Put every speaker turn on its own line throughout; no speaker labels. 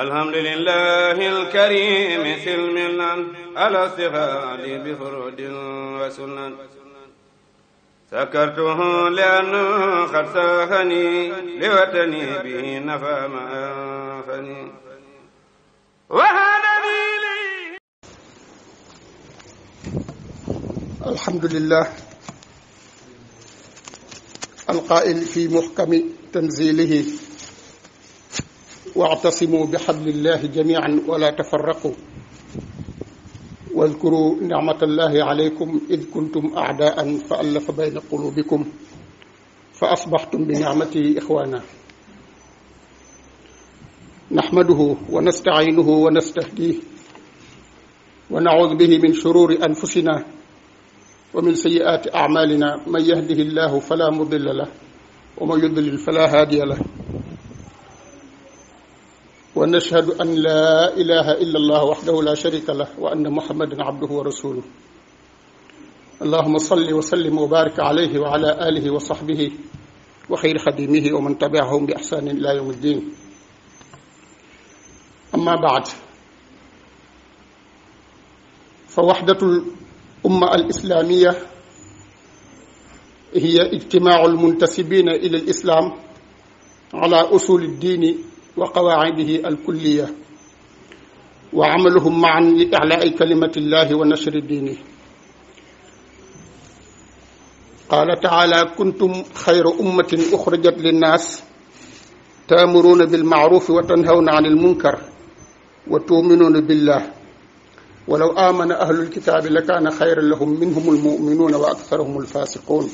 alhamdulillah alkarim silmilan alastifaad bi furud wa sunan sakartuhu lianna qad sahani liwatani bihi nafa ma anfani alhamdulillah alqaa'il fi muhkami tanzilihi واعتصموا بحبل الله جميعا ولا تفرقوا واذكروا نعمة الله عليكم إذ كنتم أعداء فألف بين قلوبكم فأصبحتم بنعمته إخوانا نحمده ونستعينه ونستهديه ونعوذ به من شرور أنفسنا ومن سيئات أعمالنا من يهده الله فلا مضل له ومن يضلل فلا هادي له ونشهد أن لا إله إلا الله وحده لا شريك له وأن محمدا عبده ورسوله اللهم صل وسلم وبارك عليه وعلى آله وصحبه وخير خديمه ومن تبعهم بإحسان إلى يوم الدين أما بعد فوحدة الأمة الإسلامية هي اجتماع المنتسبين إلى الإسلام على أصول الدين wa qawaacidihi alkulliya wa amaluhum maan li iclaai kalimati llahi wa nasri diini qaala taala kuntum xayra ummatin uxrijat linnaas taamuruuna bilmacruufi wa tanhawna an ilmunkar wa tuuminuuna billah walaw aamana ahlulkitaabi la kaana xayran lahum minhum almuminuuna wa aktharuhum alfaasiquun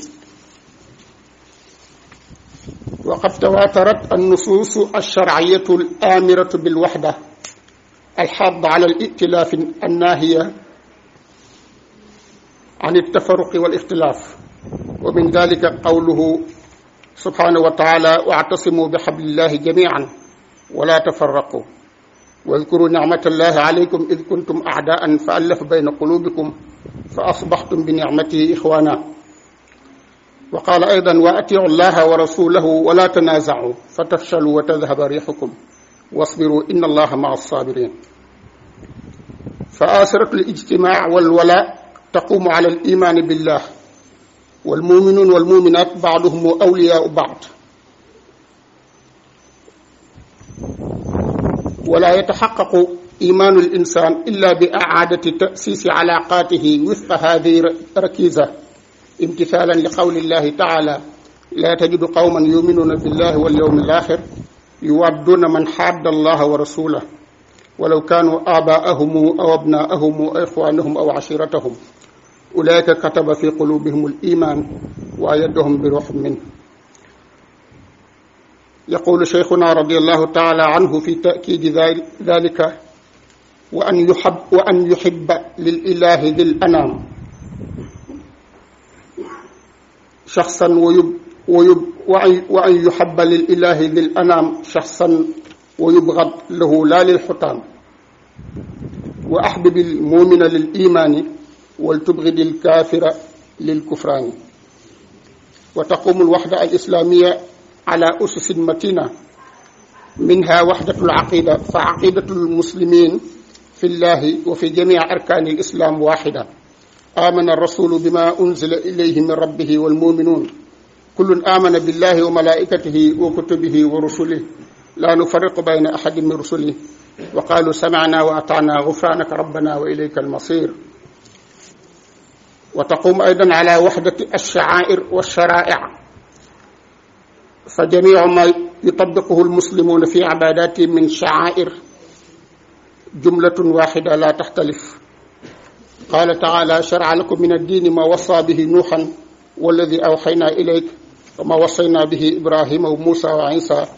وقد تواترت النصوص الشرعية الآمرة بالوحدة الحاضة على الائتلاف الناهية عن التفرق والاختلاف ومن ذلك قوله سبحانه وتعالى واعتصموا بحبل الله جميعا ولا تفرقوا واذكروا نعمة الله عليكم إذ كنتم أعداء فألف بين قلوبكم فأصبحتم بنعمته إخوانا wa qaala aydan wa atiicu llaha wa rasulahu wala tanaazacu fa tafchalu wa tadhaba rixukum wasbiru inna allaha maa alsabirin fa aasaratu alijtimac walwala taqumu ala alimaani billah walmuminuun walmuminaat baaduhum awliyaau baad wala yataxaqaqu imaanu alinsan illa bi acaadati tasisi calaaqaatihi wifqa hadihi rakiza imtisaalan li qawlillahi taala laa tajidu qawman yuminuuna billahi wal yawmi alaaxir yuwadduuna man xaadda allaha wa rasulah walaw kaanu aabaa'ahum aw abnaa'ahum aw ixwaanahum aw ashiratahum ulaika kataba fi qulubihim aliman wa ayyadahum bi ruuxin min yaqulu cheikhuna radiallahu taala anhu fi taakidi dalika wa an yuxab wa an yuxiba lil ilahi dil anaam shaxsan wa yub wa yub wa an yuhabba lil ilahi dil anaam shaxsan wa yubxad lahu laa lil xutaan wa axbib al muumina lil imaani wal tubxid al kaafira lil kufraani wa taqumu al waxda al islaamiya ala ususin matina minha waxdatu al aqida fa aqidatu al muslimin fi llahi wa fi jamici arkaani al islaam waaxida amana rasulu bima unzila ilayhi min rabbihi walmuminuun kullun amana billahi wa malaikatihi wa kutubihi wa rusulih la nufariqu bayna ahadin min rusulih wa qalu samana wa atana ghufranaka rabbana wa ilayka almasir wa taqumu aydan ala wahdati alsha'air walshara'ic فجميع ما يطبقه المسلمون في عباداتهم من شعائر جملة واحدة لا تختلف qaala taala shara lakum min addiini ma wasa bihi nuuxan walladi awxaynaa ilayk wa ma wasaynaa bihi ibrahima wa muusa wa isa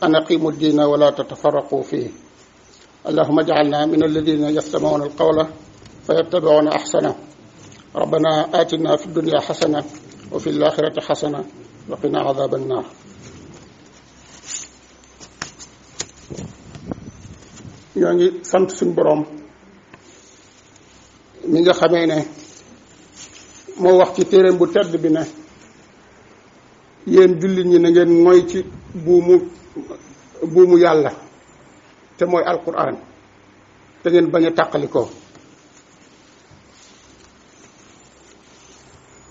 an aqimu ddiina wala tatafaraqu fihi allahuma jcalna min alladina yastamacuuna alqawla fa yattabicuuna axsana rabbana aatina fi dunya xasana wa fi laaxirati xasana wa qina cadaaba annaar ñoo ngi sant suñu boroom mi nga xamee ne moo wax ci téereem bu tedd bi na yéen jullit ñi na ngeen mooy ci buumu buumu yàlla te mooy alquran te ngeen bañ a tàqalikoo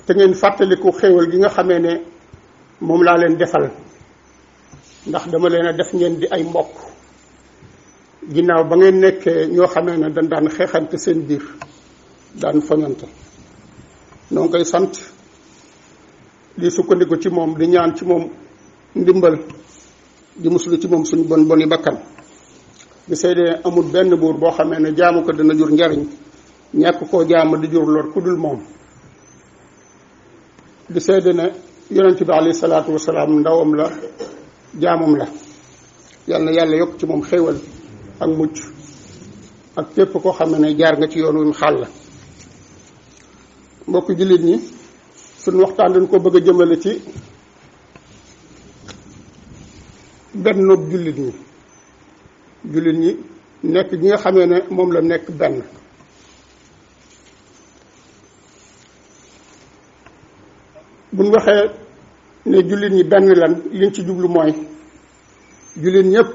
te ngeen fàttaliku xéewal gi nga xamee ne moom laa leen defal ndax dama leen a def ngeen di ay mbokk ginnaaw ba ngeen nekkee ñoo xamee ne dañ daan xeexante seen biir daan fañante noo ngi koy sant di sukkandiku ci moom di ñaan ci moom ndimbal di muslu ci moom suñu bon yi bakkan di seede amul benn buur boo xamee ne jaamu dina jur njariñ ñàkk koo jaamu di jur lor ku dul moom di seede ne yonent bi alayhi salaatu wasalaam ndawam la jaamam la yàlla na yàlla yokk ci moom xéewal ak mucc ak képp koo xam ne jaar nga ci yoon wi mu mbokk jullit ñi suñ waxtaan dañ ko bëgg a jëmale ci bennoob jullit ñi jullit ñi nekk gi nga xamee ne moom la nekk benn buñ waxee ne jullit ñi benn lan liñ ci jublu mooy jullit ñëpp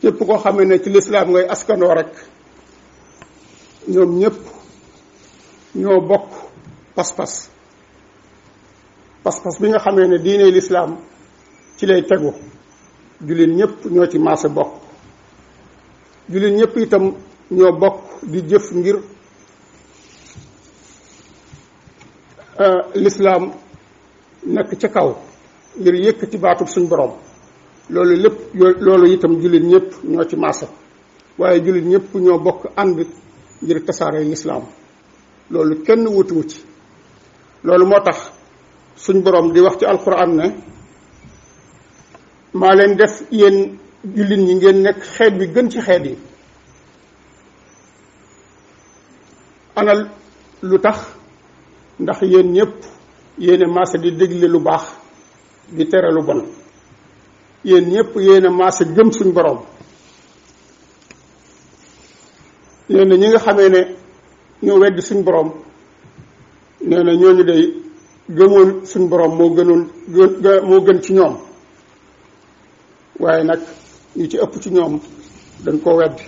képp koo xamee ne ci lislaam ngay askanoo rek ñoom ñëpp ñoo bokk pas-pas pas-pas bi nga xamee ne diine lislaam ci lay tegu jullit ñëpp ñoo ci maase bokk jullit ñëpp itam ñoo bokk di jëf ngir euh, lislaam nekk ca kaw ngir yëkkati baatu suñ borom loolu lépp loolu itam jullit ñëpp ñoo ci maase waaye jullit ñëpp ñoo bokk ànd ngir tasaare lislaam loolu kenn wutuwu ci loolu moo tax suñ borom di wax ci alquran ne maa leen def yéen jullit ñi ngeen nekk xeet bi gën ci xeet yi ana lu tax ndax yéen ñëpp yéene maase di dégle lu baax di tere lu bon yéen ñëpp yéene maase gëm suñ borom yéen ñi nga xamee ne ñoo weddi suñ borom nee na ñooñu day gëmoon suñ borom moo gënoon moo gën ci ñoom waaye nag ñu ci ëpp ci ñoom dañ koo weddi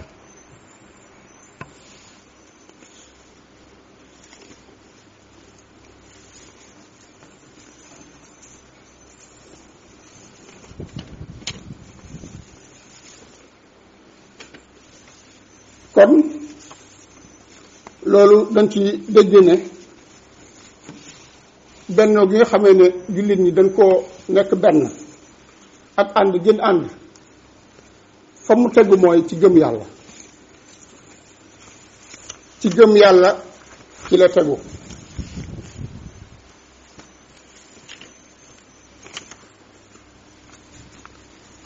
kon loolu dañ ci dégg ne bennoo gi nga xamee ne jullit ñi dañ koo nekk benn ak ànd gën ànd fa mu tegu mooy ci gëm yàlla ci gëm yàlla ci la tegu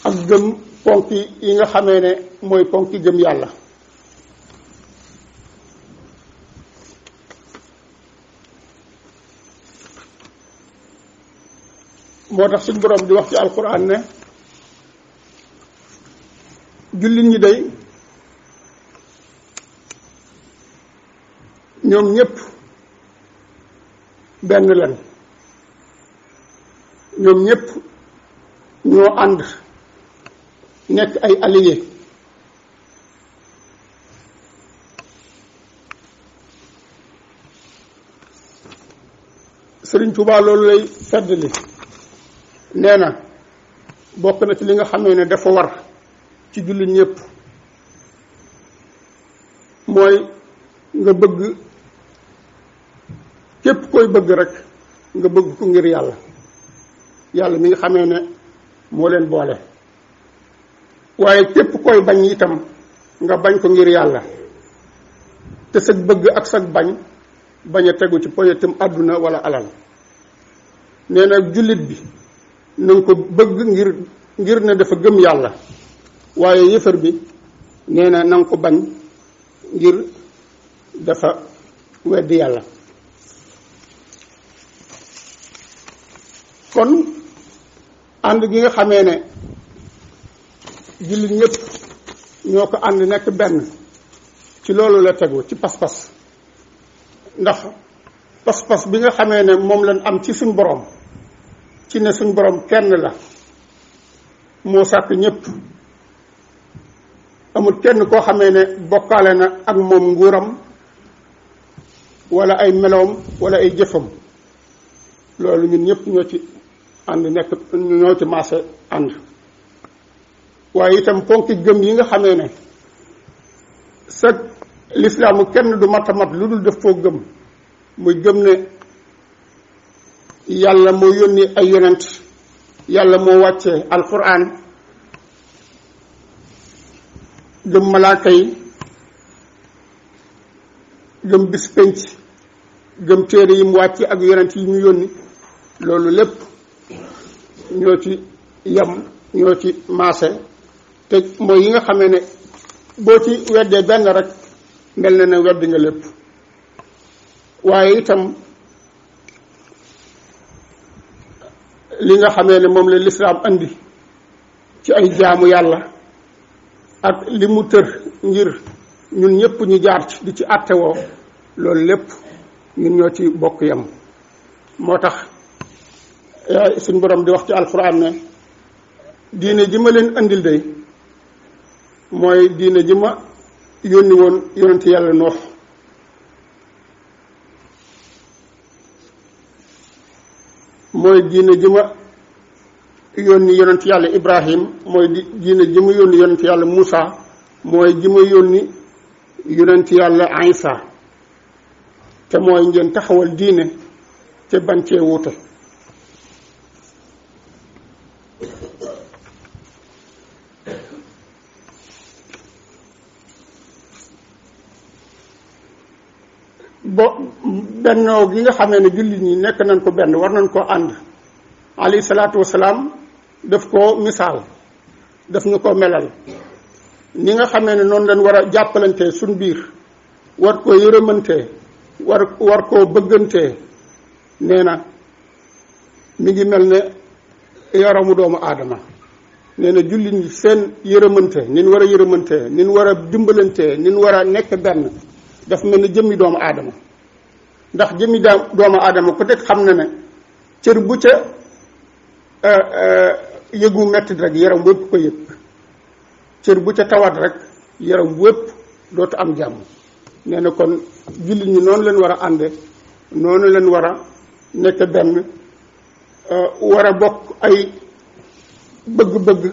ak gëm ponk yi nga xamee ne mooy ponk gëm yàlla moo tax suñ borom di wax ci alquran ne jullit ñi day ñoom ñëpp benn lan ñoom ñëpp ñoo ànd nekk ay alliés Sëriñ Tuubaa loolu lay li nee na bokk na ci li nga xamee ne dafa war ci jullit ñépp mooy nga bëgg képp koy bëgg rek nga bëgg ko ngir yàlla yàlla mi nga xame ne moo leen boole waaye képp koy bañ itam nga bañ ko ngir yàlla te sag bëgg ak sag bañ bañ a tegu ci poyetam àdduna wala alal nee na jullit bi nañ ko bëgg ngir ngir ne dafa gëm yàlla waaye yëfër bi nee na na ko bañ ngir dafa wedd yàlla kon ànd gi nga xamee ne jullit ñëpp ñoo ko ànd nekk benn ci loolu la tegu ci pas-pas ndax pas-pas bi nga xamee ne moom lañ am ci suñ boroom ci ne suñ borom kenn la moo sàkk ñëpp amul kenn koo xamee ne bokkaale na ak moom nguuram wala ay meloom wala ay jëfam loolu ñun ñëpp ñoo ci ànd nekk ñoo ci maase ànd waaye itam ponki gëm yi nga xamee ne sag lislaamu kenn du mat a mat lu dul def foo gëm muy gëm ne yàlla moo yónni ay yonent yàlla moo wàccee alquran dëm malaaka yi dëm bis penc téere yi mu wàcce ak yonent yi ñu yónni loolu lépp ñoo ci yam ñoo ci maase te mooy yi nga xamee ne boo ci weddee benn rek mel na ne wedd nga lépp waaye itam li nga xamee ne moom la lislaam andi ci ay jaamu yàlla ak li mu tër ngir ñun ñëpp ñu jaar ci di ci àttewoo loolu lépp ñun ñoo ci bokk yam moo tax suñ boroom di wax ci alxuraan ne diine ji ma leen andil day mooy diine ji ma yónni woon yonent yàlla noox mooy diine ji ma yónni yonent yàlla ibrahim mooy diine ji ma yónni yonent yàlla Moussa mooy ji ma yónni yonent yàlla Aïssa te mooy ngeen taxawal diine te bancee wuute bo bennoo gi nga xam ne jullit ñi nekk nañ ko benn war nañ koo ànd alayhi salaatu wasalaam daf ko misaal daf ñu ko melal ni nga xam ne noonu lañ war a jàppalante suñ biir war koo yërëmante war war koo bëggante nee na mi ngi mel ne yaramu doomu aadama nee na jullit ñi seen yërëmante nin war a yërëmante nin war a dimbalante nin war a nekk benn daf mel na jëmmi doomu aadama ndax jëmmi daa doomu aadama ku nekk xam na ne cër bu ca euh, euh, yëgu mettit rek yaram wépp ko yëg cër bu ca tawat rek yaram wépp dootu am jàmm nee na kon jullit ñi noonu leen war a ànde noonu leen war a nekk benn euh, war a bokk ay bëgg-bëgg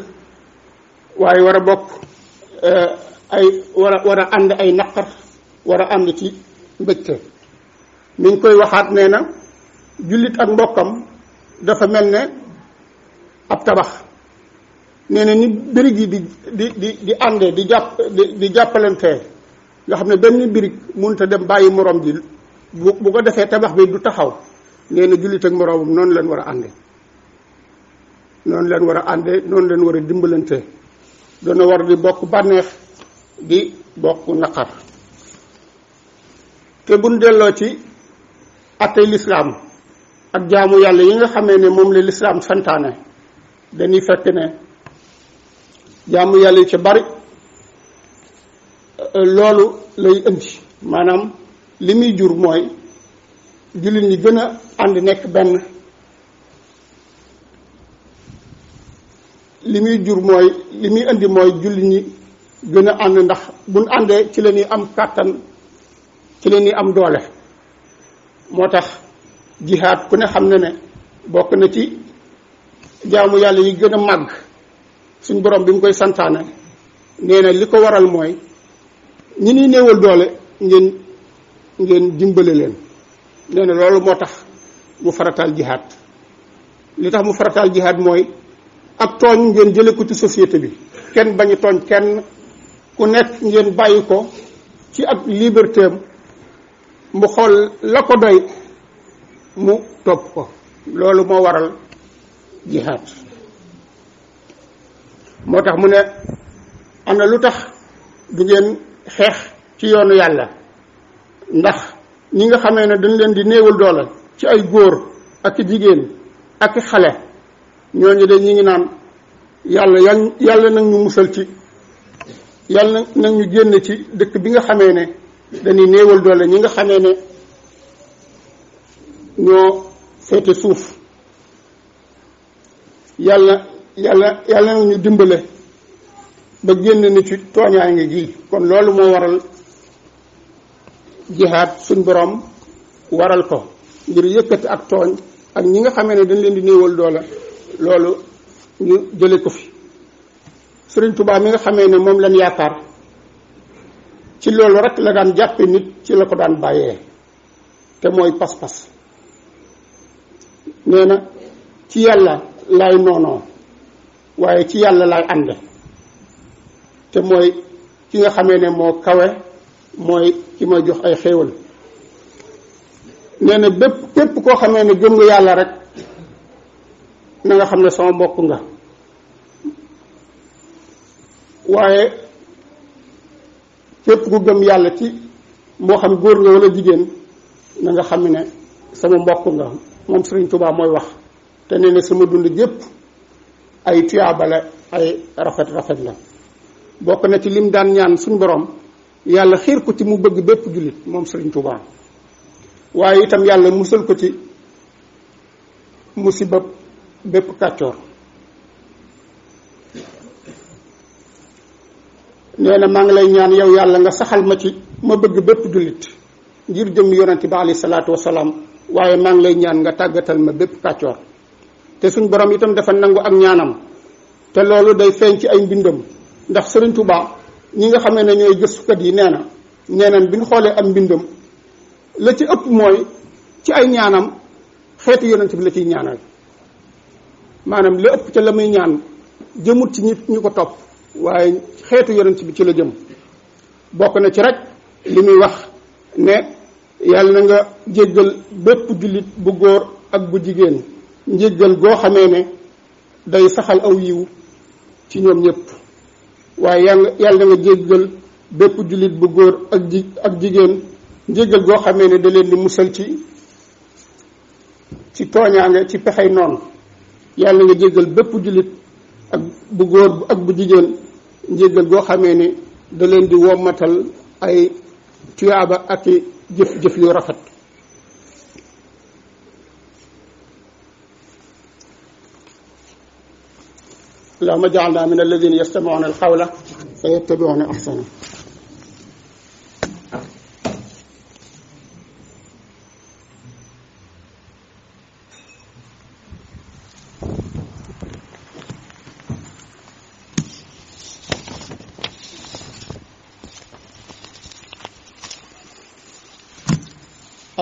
waaye war a bokk ay war a war a ànd ay naqar war a ànd ci mbégte mi ngi koy waxaat nee na jullit ak mbokkam dafa mel ne ab tabax nee na ni birig yi di di di di àndee di jàpp di di jàppalantee nga xam ne benn birig mënut a dem bàyyi moroom ji bu bu ko defee tabax bi du taxaw nee na jullit ak moroomam noonu leen war a ànde noonu leen war a ànde noonu leen war a dimbalante dana war di bokk bànneex di bokk naqar te buñ delloo ci attey lislaam ak jaamu yàlla yi nga xamee ne moom la lislaam santaane dañuy fekk ne jaamu yàlla yi ci bari euh, loolu lay indi maanaam li muy jur mooy jullit ñi gën a ànd nekk benn li muy jur mooy li muy indi mooy jullit ñi gën a ànd ndax buñ àndee ci la ñuy am kàttan ci la ñuy am doole moo tax jihaad ku ne xam na ne bokk na ci jaamu yàlla yi gën a màgg suñ borom bi mu koy santaane nee na li ko waral mooy ñi ñuy néewal doole ngeen ngeen dimbale leen nee na loolu moo tax mu farataal jihaad li tax mu farataal jihaad mooy ak tooñ ngeen jële ko ci société bi kenn bañu tooñ kenn ku nekk ngeen bàyyi ko ci ak liberté mu xool la ko doy mu topp ko loolu moo waral jihaad moo tax mu ne na lu tax du ngeen xeex ci yoonu yàlla ndax ñi nga xamee ne dañ leen di néewal doole ci ay góor ak jigéen ak xale ñooñu de ñi ngi naan yàlla yàlla yàlla nag ñu musal ci yàlla nag ñu génn ci dëkk bi nga xame ne dañuy néewal doole ñi nga xamee ne ñoo féete suuf yàlla yàlla yàlla na ñu dimbale ba génn nit ci tooñaay ngi gii kon loolu moo waral jihaad suñ boroom waral ko ngir yëkkati ak tooñ ak ñi nga xamee ne dañ leen di néewal doole loolu ñu jële ko fi sëriñ Tuubaa mi nga xamee ne moom lañ yaakaar ci loolu rekk la daan jàppe nit ci la ko daan bàyyee te mooy pas-pas nee na ci yàlla laay noonoo waaye ci yàlla laay ànde te mooy ki nga xamee ne moo kawe mooy ki ma jox ay xéewal nee na bépp képp koo xamee ne gëm nga yàlla rek na nga xam ne sama mbokk nga waaye képp ku gëm yàlla ci moo xam góor nga wala jigéen na nga xam ne sama mbokk nga moom Sëriñ Tuubaa mooy wax te nee na sama dund gépp ay tuyaaba ay rafet rafet la bokk na ci lim daan ñaan suñ boroom yàlla xiir ko ci mu bëgg bépp jullit moom Sëriñ Tuubaa waaye itam yàlla musal ko ci musiba bépp kàccoor nee na maa ngi lay ñaan yow yàlla nga saxal ma ci ma bëgg bépp jullit ngir jëm yonente bi alayhi salaatu wasalaam waaye maa ngi lay ñaan nga tàggatal ma bépp kàccoor te suñ borom itam dafa nangu ak ñaanam te loolu day feeñ ci ay mbindam ndax Serigne Touba ñi nga xam ne ñooy gëstukat yi nee na nee na bi ñu xoolee am mbindam la ci ëpp mooy ci ay ñaanam xeetu yonent bi la ciy ñaanal maanaam li ëpp ca la muy ñaan jëmut ci ñu ko topp waaye xeetu yonent bi ci la jëm bokk na ci rek li muy wax ne yàlla na nga jéggal bépp jullit bu góor ak bu jigéen njéggal goo xamee ne day saxal aw yiw ci ñoom ñépp waaye yàlla yàlla na jéggal bépp jullit bu góor jigéen njéggal goo xamee ne da leen di musal ci ci tooñaange ci pexey noonu yàlla nga jéggal bépp jullit ak bu góor ak bu jigéen njéggal goo xamee ne da leen di wommatal ay tuyaaba ak i jëf jëf yu rafet allahumma ja'alna min alladhina yastami'una al-qawla fa yattabi'una ahsana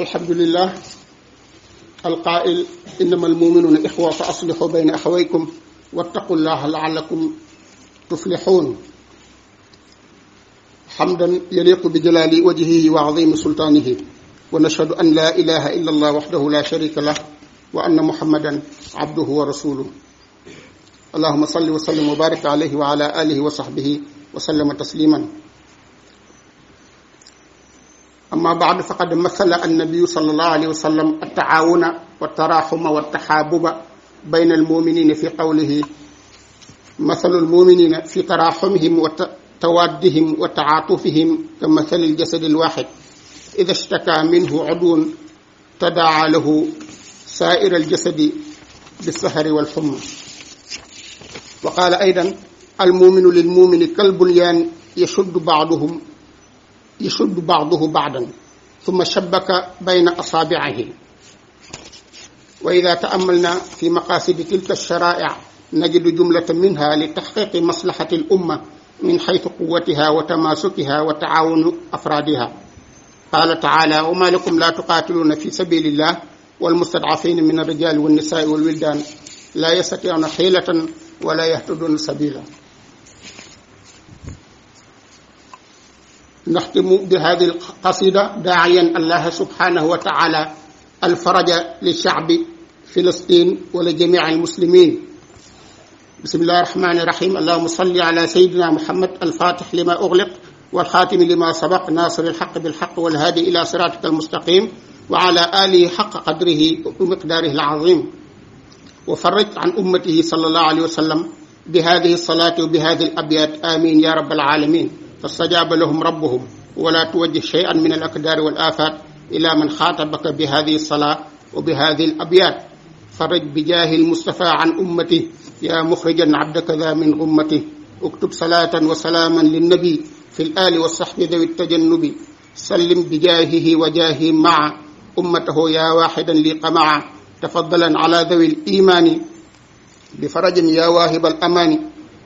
alhamdulillah alqaa'il innama almuminuuna ixwa fa aslixu bayna axawaykum wattaqullaha laallakum tuflixuun xamdan yaliqu bi jalaali wajhihi wa azimi sultaanihi wa nashhadu an laa ilaha illa allah waxdahu la sharika lah wa anna muhammadan abduhu wa rasuluh allahuma salli wa sallim wa barik alayhi wa ala alihi wa sahbihi wa sallama tasliman amma baadu faqad mathala annabiyu sallallahu alayhi wa sallam attaawuna wa taraaxuma wa taxaabuba bayna almuminina fi qawlihi mathalu almuminina fi taraaxumihim wa tawaddihim wa taatufihim ka mathali aljasadi alwaaxid ida shtaka minhu udwun tadaa lahu saa'ir aljasadi bisahari walxumma wa qaala aydan almuminu lilmumini kalbunyaan yashuddu baaduhum yashuddu baaduhu baadan summa shabbaka bayna asaabiihi wa ida taamalna fi maqaasidi tilka alsharaa'ic najidu jumlatan minha li taxqiqi maslaxati al umma min xaytu quwatiha wa tamaasukiha wa tacaawunu afraadiha qaala tacaala wa maa lakum laa tuqaatiluuna fi sabiilillah walmustadcafiina min alrijaali wannisaai walwildaani laa yastatiicuuna xiilatan wa laa yahtaduuna sabiila نختم بهذه القصيدة داعيا الله سبحانه وتعالى الفرج لشعب فلسطين ولجميع المسلمين بسم الله الرحمن الرحيم اللهم صل على سيدنا محمد الفاتح لما أغلق والخاتم لما سبق ناصر الحق بالحق والهادي إلى صراطك المستقيم وعلى آله حق قدره ومقداره العظيم وفرج عن أمته صلى الله عليه وسلم بهذه الصلاة وبهذه الأبيات آمين يا رب العالمين fastajaaba lahum rabbuhum wala tuwajjih shay'an min al akdaari wal aafaat ila man xaatabaka bi hadihi salaa wa bi hadihi al abyaat faraj bi jaahi lmustafa an ummati yaa muxrijan abdaka daa min ummati uktub salaatan wa salaaman linnabi fi l aali wa saxbi dawi tajannubi sallim bi jaahihi wa jaahi maa ummatahu yaa waaxidan li qamaa tafadalan ala dawi l iimaani bi farajin yaa waahiba al amaani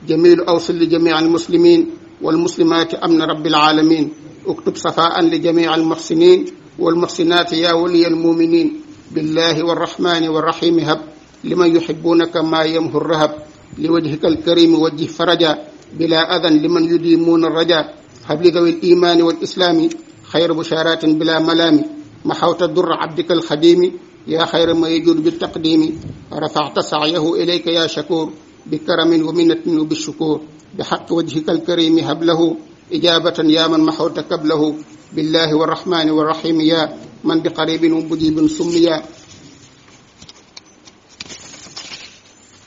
jamilu awsil li jamii al muslimin والمسلمات أمن رب العالمين اكتب صفاء لجميع المحسنين والمحسنات يا ولي المؤمنين بالله والرحمن والرحيم هب لمن يحبونك ما يمه الرهب لوجهك الكريم وجه فرجا بلا أذى لمن يديمون الرجا هب لذوي الإيمان والإسلام خير بشارات بلا ملام محوت در عبدك الخديم يا خير ما يجود بالتقديم رفعت سعيه إليك يا شكور بكرم ومنة وبالشكور بحق وجهك الكريم هب له إجابة يا من محوت كبله بالله والرحمن والرحيم يا من بقريب ومجيب سميا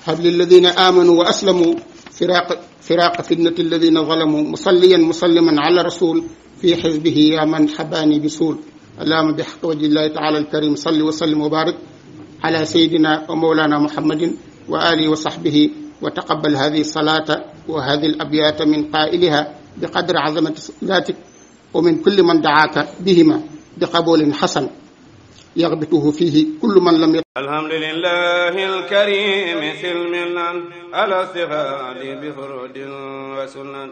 هب للذين آمنوا وأسلموا فراق فراق فتنة الذين ظلموا مصليا مسلما على رسول في حزبه يا من حباني بسول اللهم بحق وجه الله تعالى الكريم صل وسلم وبارك على سيدنا ومولانا محمد وآله وصحبه وتقبل هذه الصلاة wa hadi l abyaata min qaa'iliha bi qadri azamati zaatik wa min kulli man daaka bihima bi qaboolin xasan yaxbituhu fiihi kullu man lam alhamdulillahi alkarimi silmilan ala sixaali bi furudin wa sunan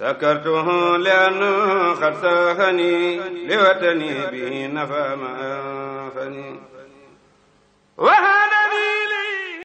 sakartuhu li annu xad saxani li watani bihi nafa ma anfani